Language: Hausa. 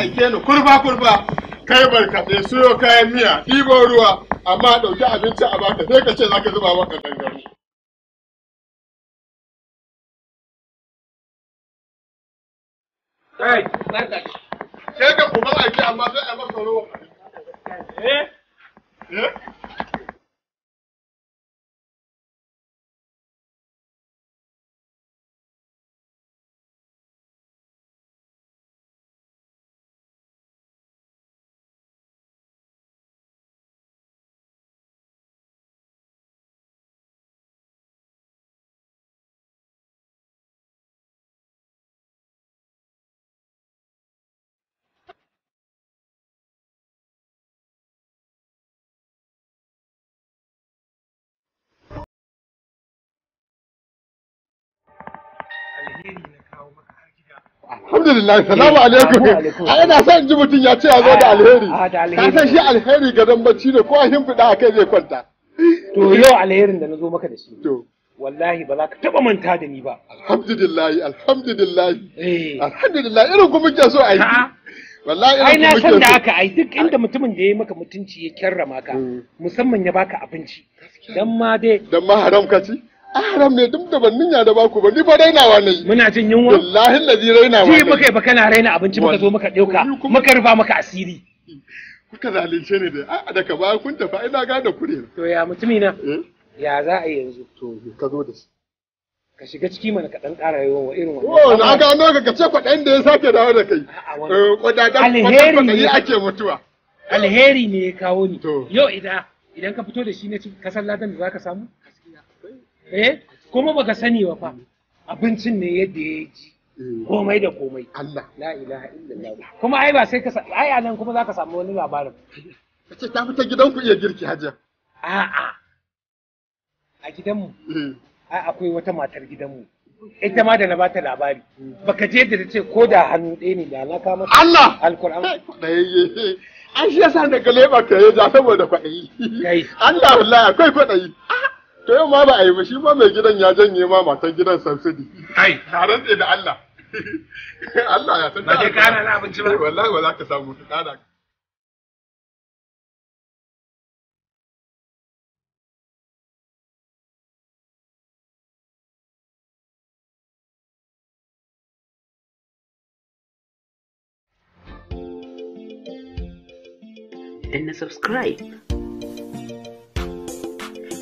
aike ni kurba kurba kai barkaɗe suyo kayan miya ɗibo ruwa amma ɗauki abinci a baka sai ka ce za ka zuba maka gangaru. Kai, sai ka kuma aiki amma sai a masa ruwa. Eh? Eh? alhamdulillah salamu eh, alaikum a ina son ji mutum ya ce ya zo ah, ah, da alheri ka san shi alheri ga dan bacci ne ko a fida a kai zai kwanta to yau alherin da na zo maka da shi wallahi ba za ka taba manta da ni ba alhamdulillah alhamdulillah eh. alhamdulillah irin ku muke so a yi wallahi ai na san da haka ai duk inda mutumin da ya yi maka mutunci ya kyarrama ka hmm. musamman ya baka abinci dan ma dai dan ma haram ka ci haram ne duk da ban ninya da baku ba ni fa rainawa ne muna jin yunwa wallahi lazi rainawa ne ji muka fa kana raina abinci muka zo muka dauka muka rufa maka asiri kuka zalunce ne da a daga ba kun tafi ina ga da kure to ya mutumi na eh? ya za a yanzu to ka zo da shi ka shiga ciki mana ka dan kara yawan wa irin wannan oh na gano ka kace dan da ya sake dawo da kai eh, kwadadan kwaɗayi ake mutuwa alheri ne ya kawo ni yau idan idan ka fito da shi ne kasan ladan da zaka samu eh kuma baka sani ba fa abincin ne yadda ya ji mm. komai da komai Allah la ilaha illallah kuma ai ba sai ka ai anan kuma zaka samu wani labarin kace ta fita ku iya girki haja. a'a a gidanmu mm. ai akwai wata matar gidanmu ita ma da na bata labari baka je da ce ko da hannu ɗaya ne da na kama Allah alquran dayye an shi yasa daga leba ka yi ja saboda kwaɗayi Allah wallahi akwai kwaɗayi to yau ma ba a yi ba shi ma mai gidan ya janye ma matan gidan subsidy kai taron da Allah Allah ya san ba ke kana na abinci ba wallahi ba za ka samu ka kana Then subscribe.